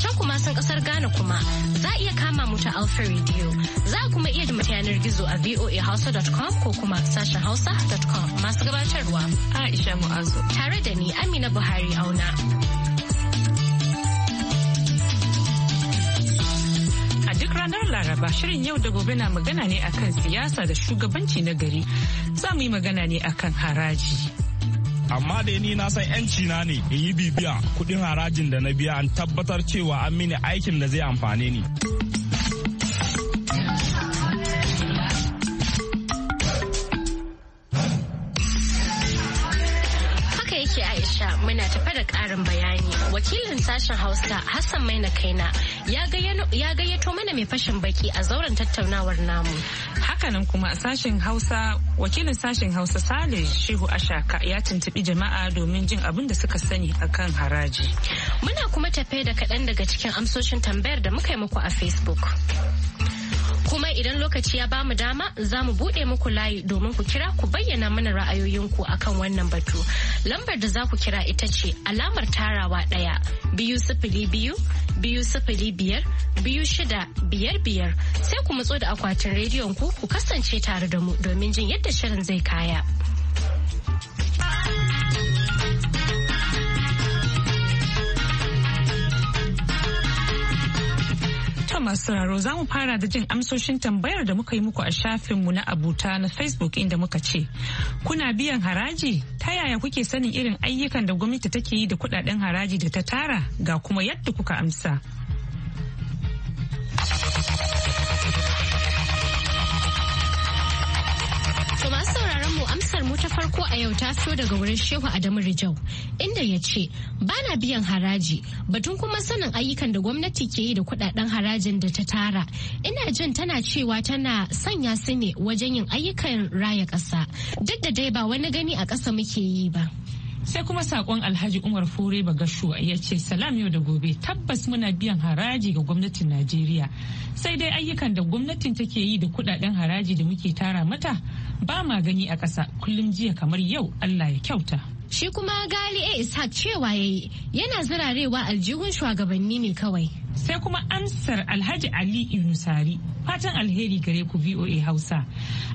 can kuma sun kasar Ghana kuma za iya kama mu ta Alpha Radio. Za kuma iya ji mata yanar gizo a voahausa.com ko kuma sashen hausa.com masu gabatarwa. Aisha Mu'azu. Tare da ni Amina Buhari Auna. a duk ranar Laraba shirin yau da gobe na magana ne akan siyasa da shugabanci na gari. Za mu yi magana ne akan haraji. amma da ni na san yanci na ne in yi bibiya kuɗin harajin da na biya an tabbatar cewa an mini aikin da zai amfane ni. yake Aisha muna tafe da ƙarin bayani. Wakilin sashen Hausa Hassan Maina Kaina ya gayyato mana mai fashin baki a zauren tattaunawar namu. hakanan kuma sashen hausa wakilin sashen hausa sale shehu ashaka ya tuntubi jama'a domin jin abin da suka sani akan haraji muna kuma tafe da kaɗan daga cikin amsoshin tambayar da muka yi muku a facebook kuma idan lokaci ya bamu dama za mu buɗe muku layi domin ku kira ku bayyana mana ra'ayoyinku akan wannan batu lambar da za ku kira ita ce alamar tarawa ɗaya biyu sifili biyu biyu sifili biyar biyu shida biyar biyar sai ku matso da akwatin rediyon ku ku kasance tare da mu domin jin yadda shirin zai kaya. masu sauraro za mu fara da jin amsoshin tambayar da muka yi muku a shafinmu na abuta na Facebook inda muka ce, kuna biyan haraji? Ta yaya kuke sanin irin ayyukan da gwamnati take yi da kudaden haraji da ta tara ga kuma yadda kuka amsa. Amsar mu ta farko a yau ta fito daga wurin Shehu Adamu Rijau inda ya ce ba biyan haraji batun kuma sanin ayyukan da gwamnati ke yi da kudaden harajin da ta tara. Ina jin tana cewa tana sanya su ne wajen yin ayyukan raya ƙasa duk da dai ba wani gani a ƙasa muke yi ba. sai kuma sakon alhaji umar fure bagasho ya ce salam yau da gobe tabbas muna biyan haraji ga gwamnatin najeriya sai dai ayyukan da gwamnatin take yi da kudaden haraji da muke tara mata ba ma gani a ƙasa kullum jiya kamar yau allah ya kyauta Shi kuma Gali A Ishaq cewa yi yana zirarewa aljihun shugabanni ne kawai. Sai kuma amsar Alhaji Ali inusari fatan alheri gare ku VOA Hausa.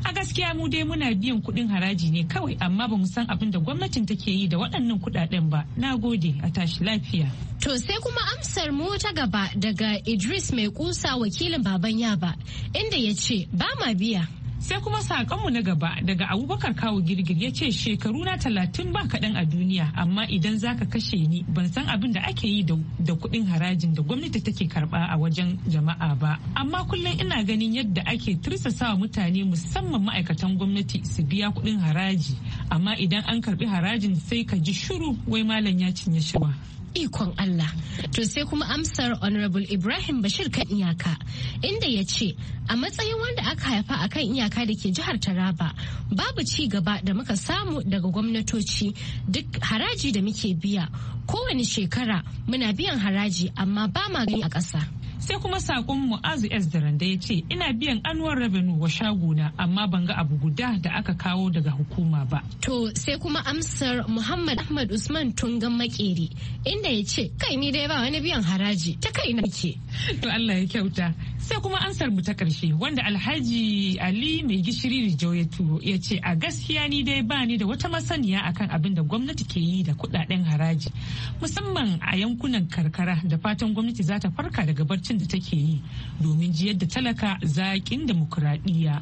A gaskiya mu dai muna biyan kuɗin haraji ne kawai amma ba mu san abin da gwamnatin take yi da waɗannan kuɗaɗen ba. Na gode a tashi lafiya. To sai kuma amsar mu ta gaba daga Idris mai kusa wakilin baban Yaba inda ya ce ba ma biya. sai kuma sakonmu na gaba daga abubakar kawo girgir ya ce shekaru na talatin ba kaɗan a duniya amma idan zaka kashe ni ban san abin da ake yi da kuɗin harajin da gwamnati take karɓa a wajen jama'a ba amma kullum ina ganin yadda ake tirsasawa mutane musamman ma'aikatan gwamnati su biya kuɗin haraji amma idan an karɓi harajin sai ka ji shiru wai malam ya cinye shiwa. ikon Allah. To sai kuma amsar Honorable Ibrahim Bashir kan iyaka inda ya ce a matsayin wanda aka haifa a kan iyaka da ke jihar Taraba babu ci gaba da muka samu daga gwamnatoci duk haraji da muke biya kowane shekara muna biyan haraji amma ba ma gani a ƙasa. sai kuma sakon mu'azu s da randa ya ce ina biyan annual revenue wa shaguna amma ban ga abu guda da aka kawo daga hukuma ba to sai kuma amsar muhammad ahmad usman tungan makeri inda ya ce kai ni dai ba wani biyan haraji ta kai na ke to allah ya kyauta sai kuma amsar mu ta karshe wanda alhaji ali mai gishiri rijau ya turo ya ce a gaskiya ni dai ba ni da wata masaniya akan abin da gwamnati ke yi da kudaden haraji musamman a yankunan karkara da fatan gwamnati za ta farka daga barcin gwamnatin da take yi domin jiyar da talaka zaƙin demokuraɗiyya.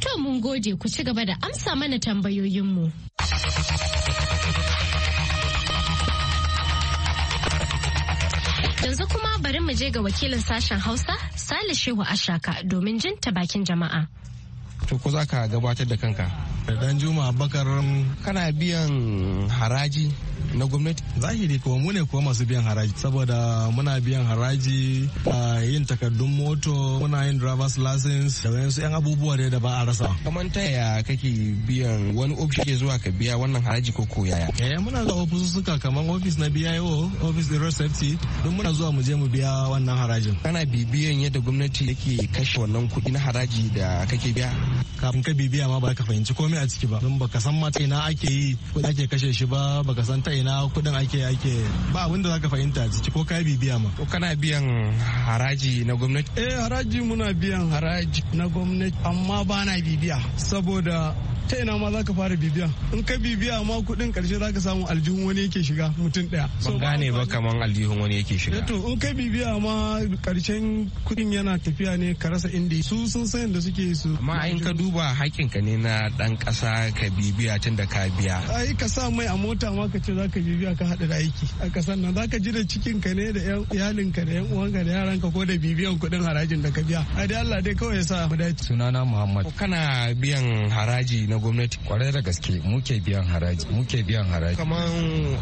To mun gode ku ci gaba da amsa mana tambayoyinmu. Yanzu kuma bari mu je ga wakilin sashen Hausa, Sale Shehu Ashaka domin jin ta bakin jama'a. To ko za ka gabatar da kanka? Dan Juma Bakar um, kana biyan haraji na gwamnati zahiri kuma mu ne kuma masu biyan haraji saboda muna biyan haraji a yin takardun moto muna yin driver's license da wayansu yan abubuwa da da ba a rasa kamar ta yaya kake biyan wani ofis ke zuwa ka biya wannan haraji ko ko yaya eh muna zuwa suka kamar ofis na BIO ofis din road safety don muna zuwa mu je mu biya wannan harajin kana bibiyan yadda gwamnati yake kashe wannan kuɗi na haraji da kake biya kafin ka bibiya ma ba ka fahimci komai a ciki ba don baka san ma ina ake yi ko ake kashe shi ba baka san ta ina kudin ake ake ba abin da zaka fahimta ciki ko kai biya ma ko kana biyan haraji na gwamnati eh haraji muna biyan haraji na gwamnati amma ba na bibiya saboda ta ina ma za ka fara bibiya in ka bibiya ma kudin ƙarshe za ka samu aljihun wani yake shiga mutum ɗaya. ban gane ba kaman aljihun wani yake shiga. to in ka bibiya ma ƙarshen kuɗin yana tafiya ne ka rasa inda su sun san da suke su. amma in ka duba haƙƙinka ne na ɗan ƙasa ka bibiya tun da ka biya. ai ka sa mai a mota ma ka ce za ka bibiya ka haɗa da aiki a ƙasar nan za ka ji da cikinka ne da iyalinka da 'yan uwanka da yaranka ko da bibiyan kuɗin harajin da ka biya. a dai Allah dai kawai ya sa mu dace. sunana Muhammad. kana biyan haraji na na gwamnati kwarai da gaske muke biyan haraji muke biyan haraji kaman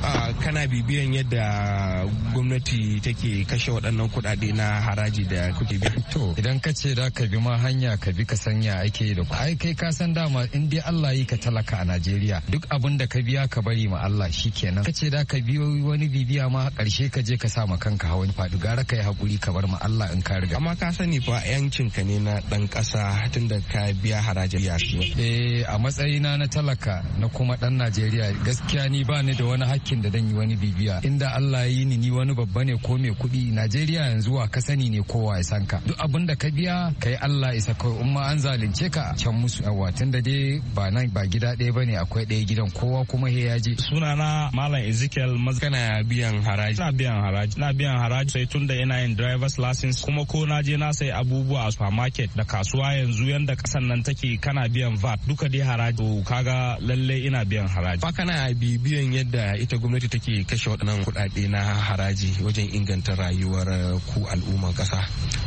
kana bibiyan yadda gwamnati take kashe waɗannan kuɗaɗe na haraji da kuke biya to idan ka ce da ka bi ma hanya ka bi ka sanya ake da ai kai ka san dama in dai Allah yi ka talaka a Najeriya duk abin da ka biya ka bari ma Allah shikenan ka ce da ka biyo wani bibiya ma karshe ka je ka sa ma kanka hawan faɗi gara ka hakuri ka bar ma Allah in ka riga amma ka sani fa yancin ka ne na dan ƙasa tunda ka biya haraji ya shi eh matsayina na talaka na kuma dan najeriya gaskiya ni ba ni da wani hakkin da dan yi wani bibiya inda allah ya yi ni ni wani babba ne ko mai kuɗi najeriya yanzu wa ka sani ne kowa ya san ka duk abin da ka biya ka yi allah isa kawai umma an zalunce ka can musu yawa tun da dai ba nan ba gida ɗaya bane akwai ɗaya gidan kowa kuma he ya je sunana malam ezekiel maz kana biyan haraji na biyan haraji na biyan haraji sai tun da ina yin driver's license kuma ko na je na sai abubuwa a supermarket da kasuwa yanzu yanda kasan nan take kana biyan vat duka dai haraji kaga lalle ina biyan haraji fa kana bibiyan yadda ita gwamnati take kashe waɗannan kuɗaɗe na haraji wajen inganta rayuwar eh, ku al'umman ƙasa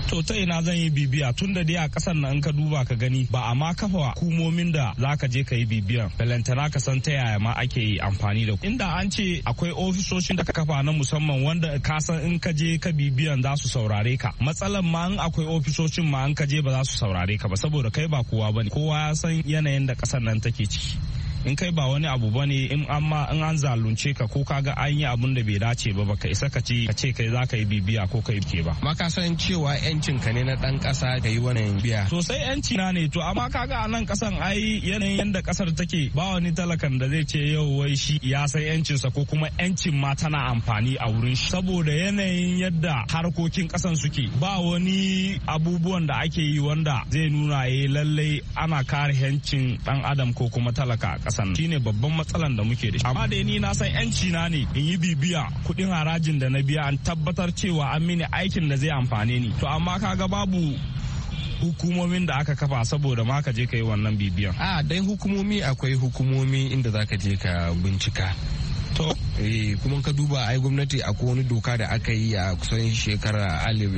to ta ina zan yi bibiya tun da dai a kasan nan ka duba ka gani ba a ma kafa hukumomin da za ka je ka yi bibiyan balantana ka san ta yaya ma ake yi amfani da ku. inda an ce akwai ofisoshin da ka kafa na musamman wanda ka san in ka je ka bibiyan za su saurare ka matsalan ma in akwai ofisoshin ma in ka je ba za su saurare ka ba saboda kai ba kowa bane kowa ya san yanayin da kasan nan take ciki in kai ba wani abu bane in ma in an zalunce ka ko kaga an yi abun da bai dace ba baka isa ka ce ka ce kai za ka yi bibiya ko kai ke ba Ma ka san cewa yancin ka ne na dan kasa ka yi wani biya sosai yanci na ne to amma kaga a nan kasan ai yanayin yanda kasar take ba wani talakan da zai ce yau wai shi ya san sa ko kuma yancin ma tana amfani a wurin shi saboda yanayin yadda harkokin kasan suke ba wani abubuwan da ake yi wanda zai nuna ya eh, lallai ana kare yancin dan adam ko kuma talaka kasan shine babban matsalan da muke da shi amma dai ni na san yanci na ne in yi bibiya kuɗin harajin da na biya an tabbatar cewa an mini aikin da zai amfane ni to amma kaga babu hukumomin da aka kafa saboda ma ka je ka yi wannan bibiyan a dai hukumomi akwai hukumomi inda za ka je ka bincika eh kuma ka duba ai gwamnati a wani doka da aka yi a kusan shekara alif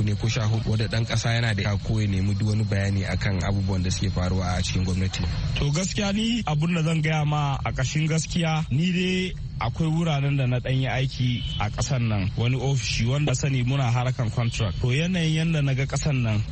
ne ko sha hudu wadda dan kasa yana da ko ya nemi duk wani bayani akan abubuwan da suke faruwa a cikin gwamnati to gaskiya ni abun da zan gaya ma a kashin gaskiya ni dai akwai wuraren da na dan yi aiki a kasan nan wani ofishi wanda sani muna harakan contract to yanayin yadda na ga kasan nan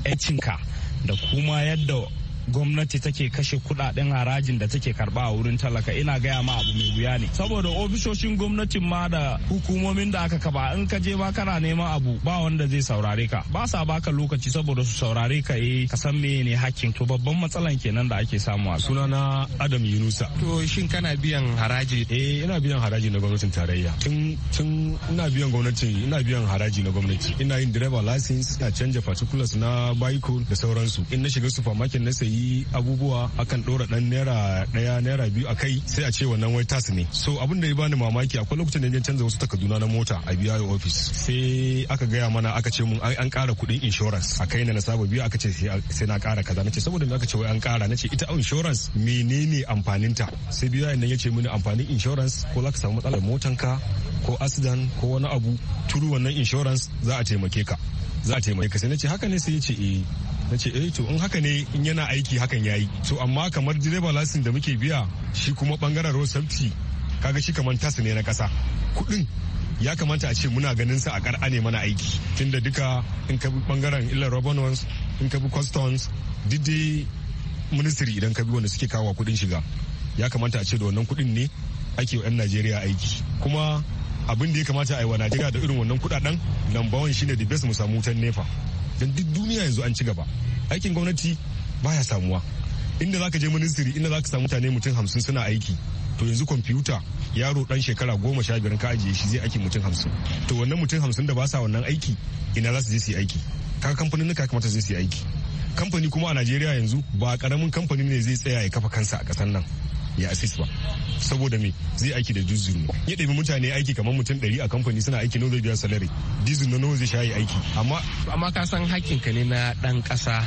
ka da kuma yadda gwamnati take kashe kudaden harajin da take karba a wurin talaka ina gaya ma abu mai wuya ne saboda ofisoshin gwamnatin ma da hukumomin da aka kaba in ka je ba kana neman abu ba wanda zai saurare ka ba sa baka lokaci saboda su saurare ka eh ka san me ne hakkin to babban matsalan kenan da ake samu a sunana Adam Yunusa to shin kana biyan haraji eh ina biyan haraji na gwamnatin tarayya tun tun ina biyan gwamnati ina biyan haraji na gwamnati ina yin driver license ina canja particulars na bicycle da sauransu in na shiga supermarket na sayi yi abubuwa akan ɗora dan naira daya naira biyu a kai sai a ce wannan wai tas ne so abin da ya bani mamaki akwai lokacin da ya canza wasu takarduna na mota a biya ofis sai aka gaya mana aka ce mun an kara kuɗin insurance a kai na na saba biyu aka ce sai na kara kaza na ce saboda me aka ce wai an kara na ce ita insurance menene amfaninta sai biyu nan ya ce mini amfanin insurance ko za ka samu matsalar ka ko accident ko wani abu turu wannan insurance za a taimake ka za a taimake ka sai na ce haka ne sai ya ce eh na ce eh to in haka ne in yana aiki hakan yayi to amma kamar direba lasin da muke biya shi kuma bangaren road safety kaga shi kamar tasa ne na kasa kudin ya kamata a ce muna ganin sa a kar'a ne mana aiki tunda duka in ka bi bangaren illar robonons in ka bi customs diddi ministry idan ka bi wanda suke kawo kudin shiga ya kamata a ce da wannan kudin ne ake wa 'yan najeriya aiki kuma abin da ya kamata a yi wa najeriya da irin wannan kudaden lambawan shine the best mu samu wutan nefa Dan duk duniya yanzu an ci gaba aikin gwamnati baya samuwa inda zaka je ministry inda zaka samu mutane mutum hamsin suna aiki to yanzu kwamfuta yaro dan shekara goma sha biyar ka ajiye shi zai aiki mutum hamsin to wannan mutum hamsin da ba sa wannan aiki ina za su je su yi aiki kaga kamfanin ka kamata zai su yi aiki kamfani kuma a najeriya yanzu ba karamin kamfani ne zai tsaya ya kafa kansa a kasar nan ya assist ba saboda me zai aiki da ne. ya ɗabi mutane aiki kamar mutum ɗari a kamfani suna aiki nawa zai biya salari dizil na nawa zai shayi aiki amma amma ka san hakkin ka ne na ɗan ƙasa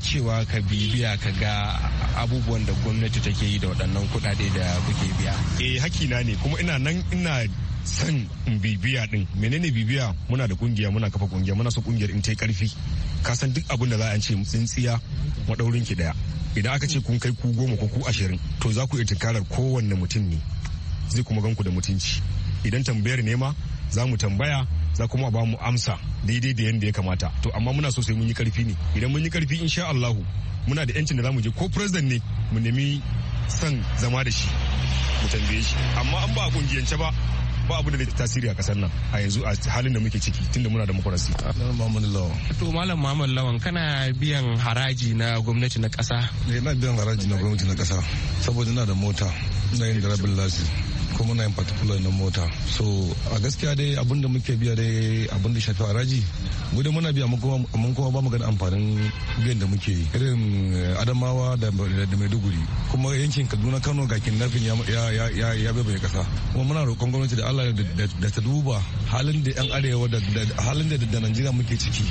cewa ka bibiya ka ga abubuwan da gwamnati take yi da waɗannan kuɗaɗe da kuke biya eh hakina ne kuma ina nan ina san bibiya din menene bibiya muna da kungiya muna kafa kungiya muna so kungiyar in ta karfi ka san duk abin da za a ce tsintsiya madaurin ki daya idan aka ce kun kai ku goma ko ku ashirin to za ku iya tunkarar kowanne mutum ne zai kuma gan ku da mutunci idan tambayar nema za mu tambaya za kuma ba mu amsa daidai da yadda ya kamata to amma muna so sai mun yi karfi ne idan mun yi karfi insha Allah muna da yancin da za mu je ko president ne mu nemi son zama da shi mu tambaye shi amma an ba a kungiyance ba ba abu da ke tasiri a kasar nan a yanzu a halin da muke ciki tunda muna da makwarashi. To Malam Muhammad Lawan kana biyan haraji na gwamnati na kasa? Ne eh, na biyan haraji na gwamnati na kasa saboda ina da mota na yin da lasi. kuma muna yin particular na mota so a gaskiya dai abin da muke biya dai abin da shafi haraji mu muna biya mun kuma ba mu gani amfanin biyan da muke yi irin eh, adamawa da maiduguri kuma yankin kaduna kano ga kinnafin ya bai kasa kuma muna roƙon gwamnati da allah da ta duba halin da yan arewa da halin da da najeriya muke ciki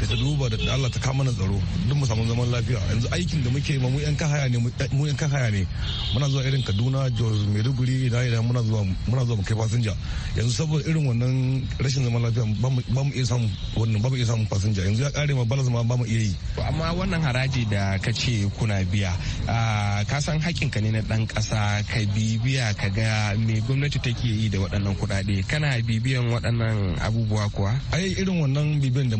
da ta duba da Allah ta kama na tsaro duk mu samu zaman lafiya yanzu aikin da muke mu yan kahaya ne mu yan kahaya ne muna zuwa irin Kaduna Jos Maiduguri ina ina muna zuwa muna zuwa mu kai fasinja yanzu saboda irin wannan rashin zaman lafiya ba mu iya samu wannan ba mu iya samu fasinja yanzu ya kare ma balas ma ba mu iya yi amma wannan haraji da ka ce kuna biya ka san ka ne na dan kasa ka bibiya ka ga me gwamnati take yi da waɗannan kuɗaɗe kana bibiyan waɗannan abubuwa kuwa ai irin wannan bibiyan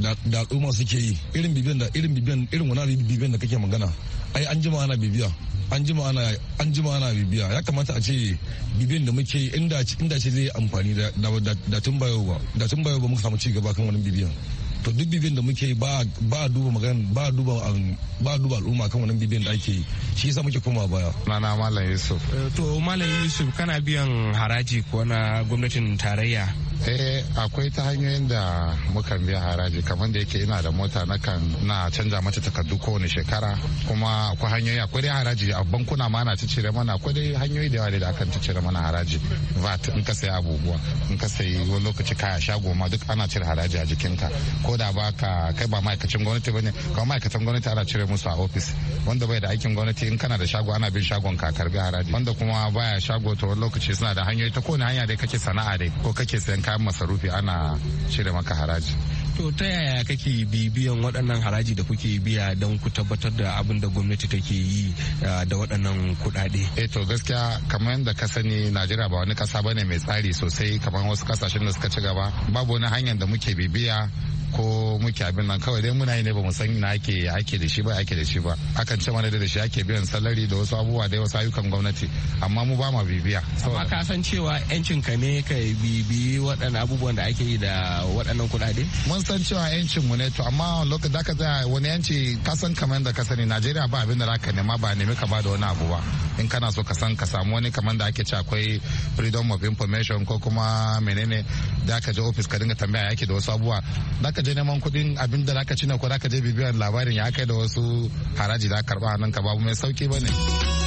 da da al'umma suke yi irin bibiyan da irin bibiyan irin wani bibiyan da kake magana ai an jima ana bibiya an jima ana an jima ana bibiya ya kamata a ce bibiyan da muke inda inda ce zai amfani da da tun bayo ba da tun bayo ba muka samu ci gaba kan wani bibiyan to duk bibiyan da muke ba ba duba magana ba duba um, ba duba al'umma kan wani bibiyan da ake yi shi yasa muke koma baya na malam yusuf eh, to malam yusuf kana biyan haraji ko na gwamnatin tarayya eh akwai ta hanyoyin da mukan biya haraji kamar da yake ina da mota na kan na canja mata takardu kowane shekara kuma akwai hanyoyi akwai dai haraji a bankuna ma na cire mana akwai dai hanyoyi da yawa da akan cire mana haraji vat in ka sayi abubuwa in ka sayi wani lokaci kaya shago ma duk ana cire haraji a jikinka ko da ba ka kai ba ma'aikacin gwamnati bane kamar ma'aikatan gwamnati ana cire musu a ofis wanda bai da aikin gwamnati in kana da shago ana bin shagon ka karbi haraji wanda kuma baya shago to wani lokaci suna da hanyoyi ta kowane hanya dai kake sana'a dai ko kake sayan kayan masarufi ana shirya maka haraji to ta yaya kake bibiyan waɗannan haraji da kuke biya don ku tabbatar da abin da gwamnati take yi ah, da waɗannan kuɗaɗe eh to gaskiya kamar yadda ka sani najeriya ba wani ƙasa bane mai tsari sosai kamar wasu ƙasashen da suka ci gaba babu wani hanyar da muke bibiya ko muke abin nan kawai dai muna yi ne ba mu san ina ake ake da shi ba ake da shi ba akan ce mana da shi ake biyan salari da wasu abubuwa da wasu ayyukan gwamnati amma mu ba ma bibiya amma ka san cewa yancin ka ne ka bibi waɗannan abubuwan da ake yi da waɗannan kuɗaɗe mun san cewa yancin mu ne to amma lokacin da ka tsaya wani yanci ka san kamar da ka sani Najeriya ba abin da zaka nema ba nemi ka ba da wani abu ba in kana so ka san ka samu wani kamar da ake ce akwai freedom of information ko kuma menene da ka je office ka dinga tambaya yake da wasu abubuwa da zaka je neman kuɗin abin da zaka ci na ko zaka je bibiyar labarin ya kai da wasu haraji za karba nan ka babu mai sauki ba ne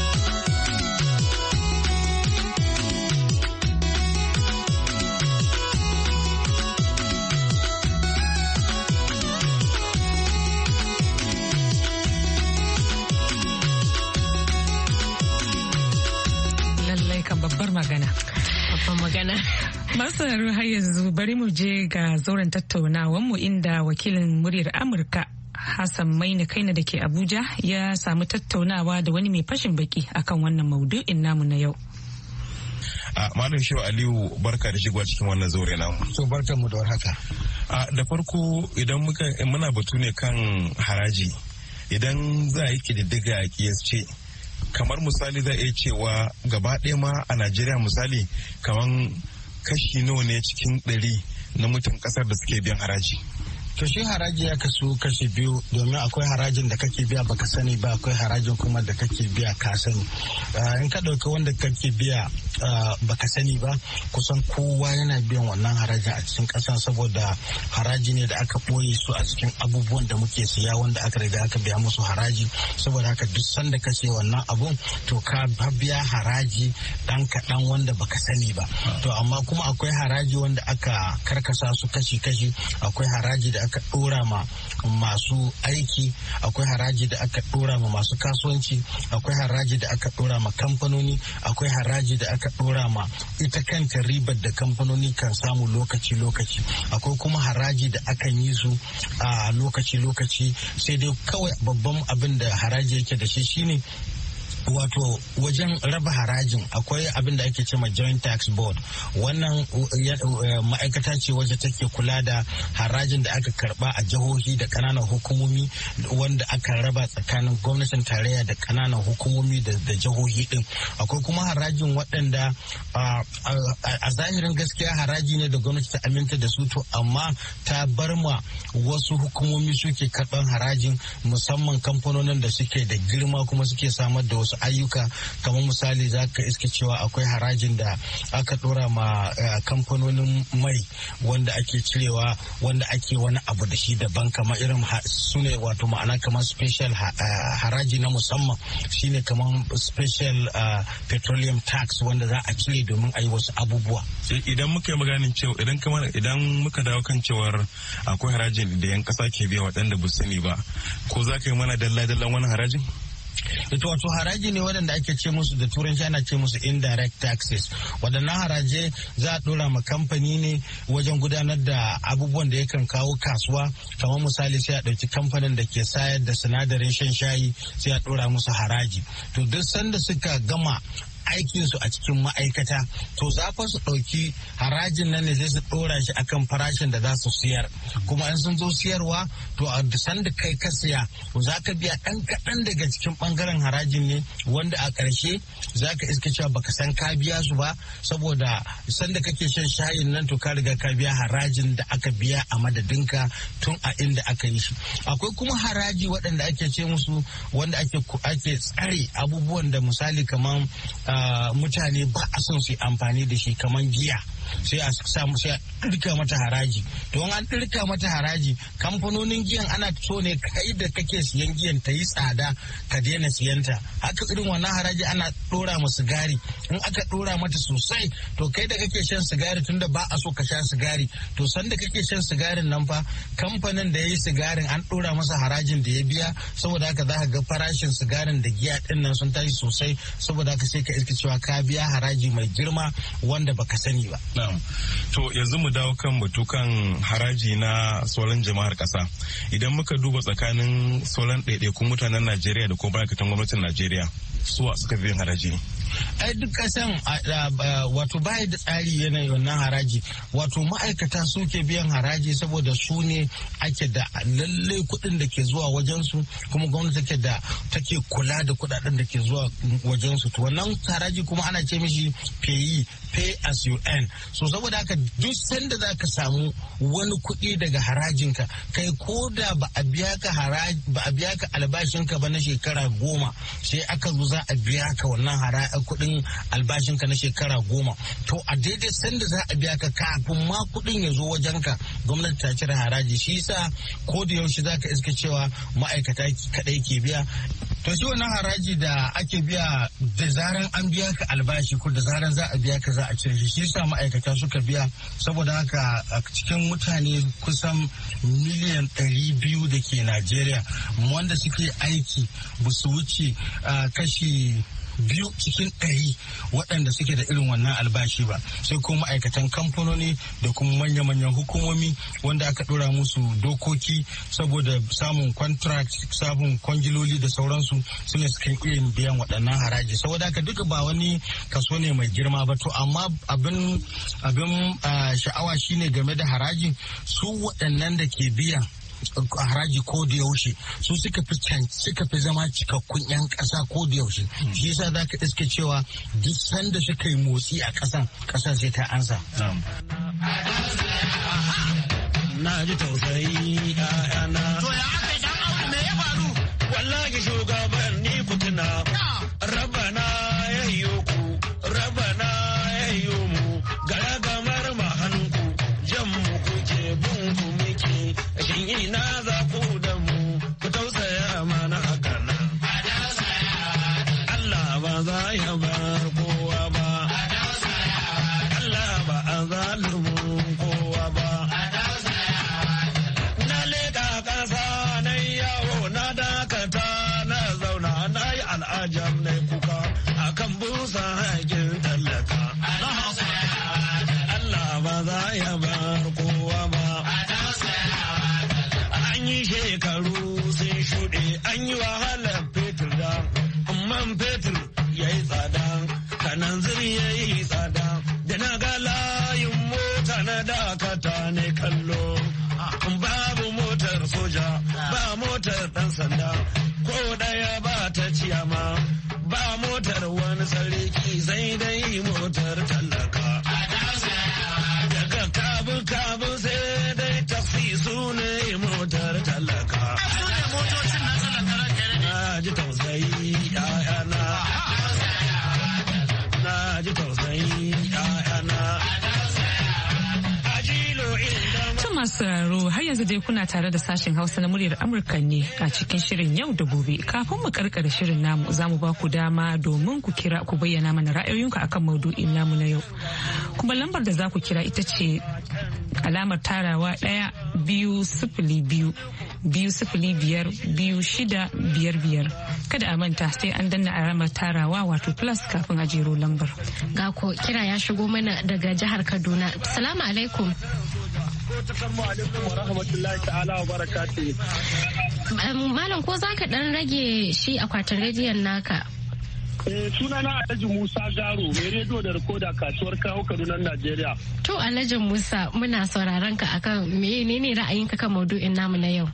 masarar har yanzu bari mu je ga zauren mu inda wakilin muryar Amurka Hassan Maina Kaina da ke Abuja ya samu tattaunawa da wani mai fashin baki akan wannan maudu'in namu na yau. malam shehu aliyu barka da shigowa cikin wannan zaure na so barka mu da warhaka a da farko idan muka muna batu ne kan haraji idan za a yi kididdiga a kiyasce kamar misali za a iya cewa gaba ɗaya ma a najeriya misali kamar kashi nawa ne cikin ɗari na mutan ƙasar da suke biyan haraji To shi haraji ya kasu kashi biyu domin akwai harajin da kake biya baka sani ba akwai harajin kuma da kake biya ka sani. Ah, in ka ɗauki wanda kake biya ah, baka sani ba kusan kowa yana biyan wannan harajin a cikin kasa saboda haraji ne da aka ɓoye su a cikin abubuwan da muke siya wanda aka riga aka biya musu haraji saboda haka duk sanda ka ce wannan abun to ka biya haraji ɗan kaɗan wanda baka sani ba. To amma kuma akwai haraji wanda aka karkasa su kashi-kashi akwai haraji da aka dora ma masu aiki akwai haraji da aka dora ma masu kasuwanci akwai haraji da aka dora ma kamfanoni akwai haraji da aka dora ma ita kanta ribar da kamfanoni kan samu lokaci-lokaci akwai kuma haraji da akan yi su a lokaci-lokaci sai dai kawai babban abin da haraji yake da shi shine wato wajen raba harajin akwai abin da ake ce ma joint tax board wannan eh, eh, ma'aikata ce wajen take kula da harajin da aka karba a jihohi da kananan hukumomi wanda aka raba tsakanin gwamnatin tarayya da kananan hukumomi da jihohi din akwai kuma harajin waɗanda a zahirin gaskiya haraji ne da gwamnati ta aminta da su to amma ta bar ma wasu hukumomi suke karban harajin musamman kamfanonin da suke da girma kuma suke samar da wasu wasu ayyuka kamar misali za ka iske cewa akwai harajin da aka dora ma eh, kamfanonin mai wanda ake cirewa wanda ake wani abu da shi daban kamar irin su ne wato ma'ana kamar special eh, haraji na musamman shine kamar special eh, petroleum tax wanda za a cire domin a yi wasu abubuwa idan muka yi maganin cewa idan kamar idan muka dawo kan cewar akwai harajin da yan kasa ke biya waɗanda ba sani ba ko za ka yi mana dalla-dallan wani harajin ita wato haraji ne waɗanda ake ce musu da turanci ana ce musu indirect taxes waɗannan haraje za a ɗora ma kamfani ne wajen gudanar da abubuwan da yakan kawo kasuwa kamar misali sai a ɗauki kamfanin da ke sayar da sinadarin shan shayi sai a ɗora musu haraji to duk sanda suka gama aikinsu a cikin ma'aikata to za fa su ɗauki harajin nan ne sai su ɗora shi akan farashin da za su siyar kuma in sun zo siyarwa to a dusan da kai ka siya za ka biya ɗan kaɗan daga cikin ɓangaren harajin ne wanda a karshe za ka iska cewa baka san ka biya su ba saboda sanda kake shan shayin nan to ka riga ka biya harajin da aka biya a madadinka tun a inda aka yi shi akwai kuma haraji waɗanda ake ce musu wanda ake ake tsare abubuwan da misali kamar mutane ba a son su amfani da shi kamar giya sai a samu sai a ɗirka mata haraji don an ɗirka mata haraji kamfanonin giyan ana so ne kai da kake siyan giyan ta yi tsada ka daina siyanta haka irin wannan haraji ana ɗora ma sigari in aka ɗora mata sosai to kai da kake shan sigari tunda ba a so ka sha sigari to sanda kake shan sigarin nan fa kamfanin da ya yi sigarin an ɗora masa harajin da ya biya saboda haka za ka ga farashin sigarin da giya ɗin nan sun tashi sosai saboda haka sai ka iska cewa ka biya haraji mai girma wanda baka sani ba. Na'am. To yanzu mu dawo kan mutukan haraji na solan jama'ar kasa. Idan muka duba tsakanin solan ɗaiɗaikun mutanen Najeriya da kuma ma'aikatan gwamnatin Najeriya, suwa suka fi yin haraji ne? ai duk kasan wato baya da tsari yanayi wannan haraji wato ma'aikata suke biyan haraji saboda su ne ake da lallai kuɗin da ke zuwa wajensu kuma gwamnati take da take kula da kuɗaɗen da ke zuwa wajensu to wannan haraji kuma ana ce mishi pay pay as you earn so saboda haka duk sanda za ka samu wani kuɗi daga harajinka kai ko da ba a biya ka ba a biya ka albashinka ba na shekara goma sai aka zo za a biya ka wannan haraji kuɗin albashin ka na shekara goma to a daidai sanda za a biya ka kafin ma kuɗin ya zo wajen ka gwamnati ta cire haraji shi yasa ko da yaushe za ka iska cewa ma'aikata kaɗai ke biya to shi wannan haraji da ake biya da zaran an biya ka albashi ko da zaran za a biya ka za a cire shi shi yasa ma'aikata suka biya saboda haka a cikin mutane kusan miliyan ɗari biyu da ke najeriya wanda suke aiki ba su wuce kashi biyu cikin ɗari waɗanda suke da irin wannan albashi ba sai kuma ma'aikatan kamfanoni da kuma manya-manyan hukumomi wanda aka ɗora musu dokoki saboda samun contract samun kwangiloli da sauransu su ne suke iya biyan waɗannan haraji saboda haka duka ba wani kaso ne mai girma ba to amma abin abin ah, sha'awa shine game da harajin su waɗannan da ke biyan haraji ko da yaushe su suka fi suka fi zama cikakkun yan ƙasa ko da yaushe shi yasa za ka iske cewa duk sanda suka yi motsi a ƙasan kasa sai ta ansa. na ji tausayi ƴaƴana. To ya aka dan aure me ya faru? Wallahi shugaba mata ne kallo sauraro har yanzu dai kuna tare da sashen Hausa na muryar Amurka ne a cikin shirin yau da gobe. Kafin mu karkara shirin namu za mu ba ku dama domin ku kira ku bayyana mana ra'ayoyinku akan maudu'in namu na yau. Kuma lambar da za ku kira ita ce alamar tarawa ɗaya biyu sifili biyu biyu sifili biyar biyu shida biyar biyar. Kada a manta sai an danna alamar tarawa wato plus kafin a jero lambar. Ga ko kira ya shigo mana daga jihar Kaduna. Salamu alaikum. ta'ala Malam ko za ka ɗan rage shi akwatin rediyon naka? Eh, sunana Alhaji Musa Garo mai rediyo da rikoda kasuwar kawo Kaduna Najeriya. To Alhaji Musa muna sauraron ka akan menene ra'ayinka kan maudu'in namu na yau?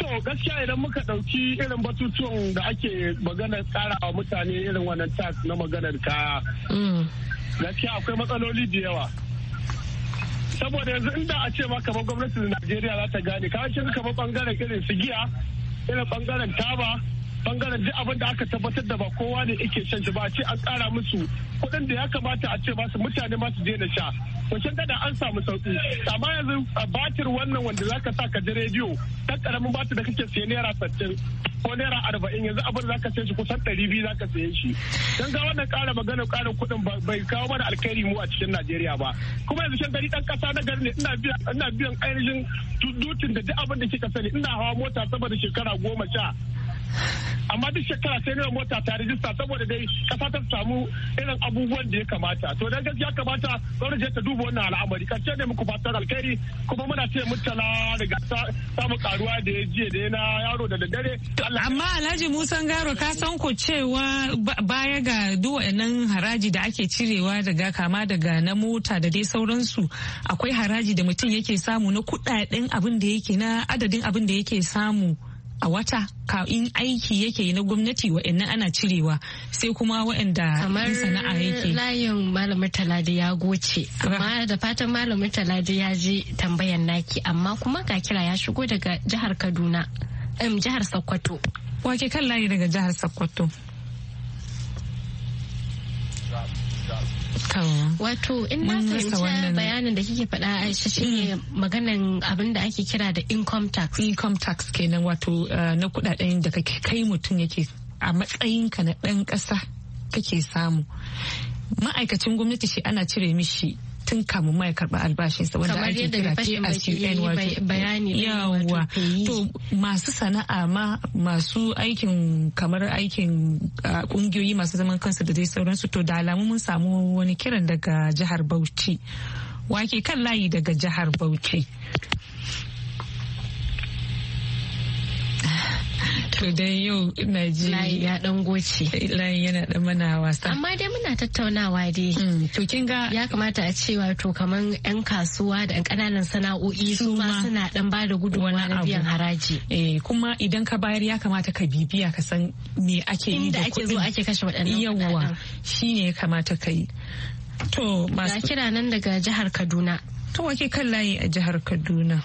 To gaskiya idan muka ɗauki irin batutuwan da ake magana wa mutane irin wannan tax na maganar kaya. Mm. Gaskiya akwai matsaloli da yawa. saboda yanzu inda a ce maka ba gwamnatin najeriya za ta gane ka ce bangaren irin su giya irin bangaren taba bangaren duk abin da aka tabbatar da ba kowa ne yake shan shi ba ce an kara musu kuɗin da ya kamata a ce masu mutane masu na sha to kin da an samu sauki amma yanzu a batir wannan wanda zaka sa ka ji rediyo ta karamin batir da kake siye naira sattin ko naira arba'in yanzu abin da zaka sai shi kusan biyu zaka saye shi dan ga wannan ƙara magana ƙarin kuɗin bai kawo mana alkhairi mu a cikin Najeriya ba kuma yanzu shan gari ɗan ƙasa na gari ne ina biyan ina biyan ainihin dutin da duk abin da kika sani ina hawa mota saboda shekara goma sha amma duk shekara sai nuna mota ta rijista saboda dai kasa ta samu irin abubuwan da ya kamata to dan gaskiya kamata je ta duba wannan al'amari kace ne muku fatan alkhairi kuma muna ce mutala daga samu karuwa da ya jiya da yana yaro da daddare amma Alhaji Musa Garo ka san ku cewa baya ga nan haraji da ake cirewa daga kama daga na mota da dai sauransu akwai haraji da mutum yake samu na kudaden abin da yake na adadin abin da yake samu a wata ka in aiki yake na gwamnati wa'annan ana cirewa sai kuma wa'anda sana'a yake Kamar layin malamin talade ya goce amma da fatan malamin talade ya je tambayan naki amma kuma ga kira ya shigo daga jihar kaduna jihar sokoto wake kan layi daga jihar sokoto Wato in na fahimta bayanin da kike faɗa Aisha shine mm. maganan abin da ake kira da income tax. Income tax kenan wato eh, na kudaden da kake kai mutum yake a ka na ɗan ƙasa kake samu. Ma'aikacin gwamnati shi ana cire mishi tun kamun ma ya albashin albashinsa wanda ake kira TSUN yawa to masu sana'a ma masu aikin kamar aikin kungiyoyi masu zaman kansu da dai sauransu to da alamu mun samu wani kiran daga jihar Bauchi wake kan layi daga jihar Bauchi to dai yau Najeriya layi ya dan goce layi yana dan mana wasa amma dai muna tattaunawa dai mm, to kin ga ya kamata a ce wato kaman yan kasuwa da yan kananan sana'o'i su ma suna dan ba da gudunmawa na biyan haraji eh kuma idan ka bayar ya kamata ka bibiya ka san me ake yi da kuɗin inda ake zo ake kashe waɗannan yawwa shine ya kamata ka yi to masu kira nan daga jihar Kaduna to wake kan layi a jihar Kaduna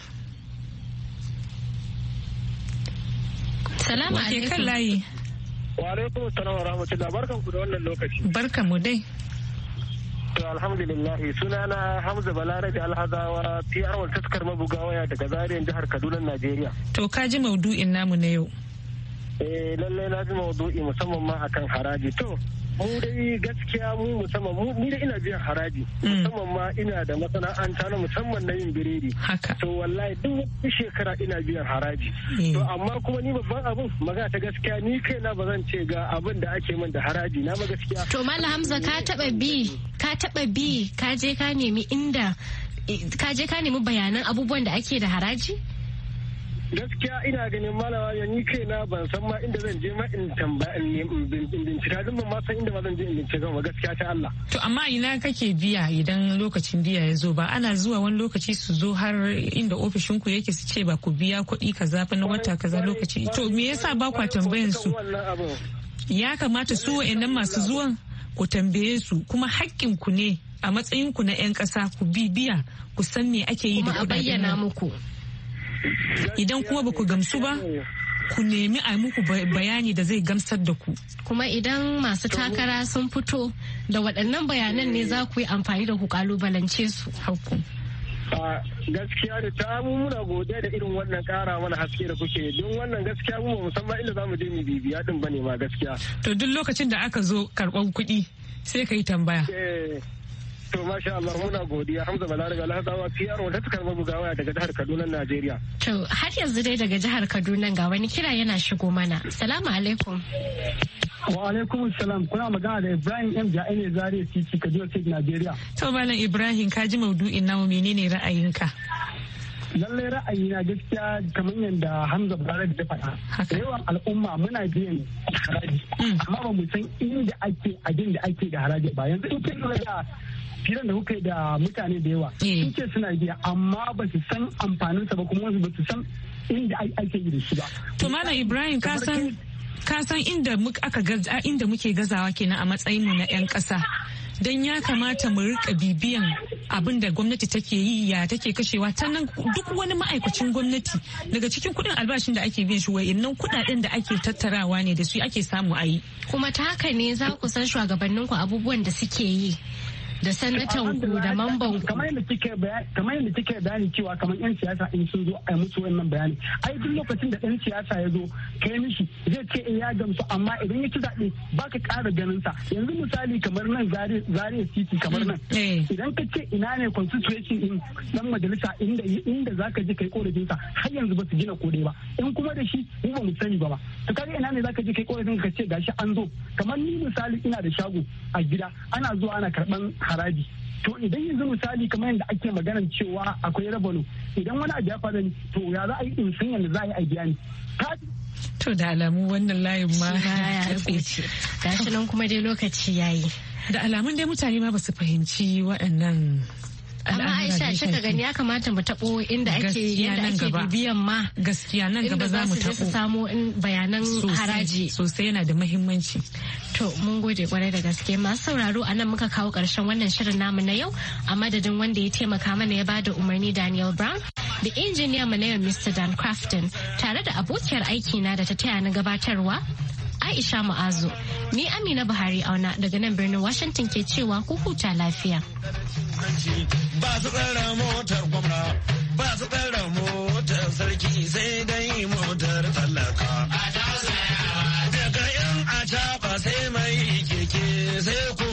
Salamu alaikum. kan layi. Wa alaikum salam wa rahmatullah barkan ku da wannan lokaci. Barkan mu dai. To alhamdulillah sunana Hamza Balarabe Alhazawa PR wal taskar mabuga waya daga Zariyan jihar Kaduna Najeriya. To ka ji maudu'in namu na yau. Eh lallai na ji maudu'i musamman ma akan haraji to mu dai gaskiya mu musamman mu ni da ina biyan haraji mm. musamman ma ina da masana'anta na musamman na yin biredi to wallahi duk wani shekara ina biyan haraji eh. to amma kuma ni babban abin magana ta gaskiya ni kaina ba zan ce ga abin da ake min da haraji na ba gaskiya to malam hamza ka taba bi ka taba bi ka je ka nemi inda ka je ka nemi bayanan abubuwan da ake da haraji gaskiya ina ganin malama ya ni kai na ban san ma inda zan je ma in tamba in bincika din ban ma san inda ma zan je in bincika ba gaskiya ta Allah to amma ina kake biya idan lokacin biya ya zo ba ana zuwa wani lokaci su zo har inda ofishin ku yake su ce ba ku biya kuɗi kaza fa na wata kaza lokaci to me yasa ba kwa tambayan su ya kamata su wa'annan masu zuwan ku tambaye su kuma hakkin ku ne a matsayin ku na 'yan ƙasa ku biya ku san me ake yi da kuɗaɗen bayyana muku idan kuma ba ku gamsu ba ku nemi a muku bayani da zai gamsar da ku. Kuma idan masu takara sun fito da waɗannan bayanan ne za ku yi amfani da ku kalubalance su hauku. gaskiya da ta muna godiya da irin wannan kara mana haske da kuke don wannan gaskiya mu musamman inda zamu je mu bibiya din bane ma gaskiya to duk lokacin da aka zo karɓar kuɗi sai ka yi tambaya eh. To masha Allah muna godiya Hamza Balarabe Alhassawa PR wata ta karɓar waya daga jihar Kaduna Najeriya. To har yanzu dai daga jihar Kaduna ga wani kira yana shigo mana. Salamu alaikum. Wa alaikum salam kuna magana da Ibrahim M Ja'e ne Zariya Titi Kaduna State Najeriya. To malam Ibrahim ka ji maudu'in namu menene ra'ayinka? lallai ra'ayi na gaskiya kamar yadda hamza barad da faɗa da yawan al'umma muna biyan haraji mm. amma ba mu san inda ake a da ake da haraji ba yanzu in kin da hirar da kuka yi da mutane da yawa eh. sun ce suna biya amma ba su san amfanin sa ba kuma wasu ba su san inda ake yi da shi ba. to malam ibrahim ka san ka san inda aka gaza inda muke gazawa kenan a matsayin mu na 'yan kasa don ya kamata mu rika bibiyan abin da gwamnati take yi ya take kashewa ta nan duk wani ma'aikacin gwamnati daga cikin kudin albashin da ake biyan shi wa'annan kudaden da ake tattarawa ne da su ake samu ayi. kuma ta haka ne za ku san shugabannin ku abubuwan da suke yi da sanatan ku da mamban ku kamar yadda kike bayani kamar cewa kamar yan siyasa in sun zo a musu wannan bayani ai duk lokacin da dan siyasa ya zo kai mishi zai ce eh ya gamsu amma idan ya ci zaɓe baka ƙara ganin sa yanzu misali kamar nan zaria city kamar nan mm, eh. idan ka ce ina ne constituency din dan majalisa inda inda zaka je kai korafin sa har yanzu ba su gina kore ba in kuma da shi mu ba mu sani ba ba to kaga ina ne zaka je kai korafin ka ce gashi an zo kamar ni misali ina da shago a gida ana zuwa ana karban haraji to idan yanzu misali kamar yadda ake maganar cewa akwai rabano idan wani abu ya faru to ya za a yi in yadda za a yi a biya to da alamu wannan layin ma ya tsaye gashi nan kuma dai lokaci yayi da alamun dai mutane ma ba su fahimci waɗannan amma Aisha shaka gani ya kamata mu taɓo inda ake yadda ake bibiyan ma gaskiya nan gaba za mu tabo samo bayanan haraji sosai yana da muhimmanci to mun gode kwarai da gaske ma sauraro a nan muka kawo karshen wannan shirin namu na yau a madadin wanda ya taimaka mana ya bada umarni Daniel Brown da injiniya mu na yau Mr Dan Crafton tare da abokiyar aiki na da ta taya ni gabatarwa Aisha Mu'azu. Ni Amina Buhari auna daga nan birnin Washington ke cewa ku huta lafiya. Ba su tsara motar gwamna, ba su tsara motar sarki sai dai motar talaka. Daga yan a sai mai keke sai ku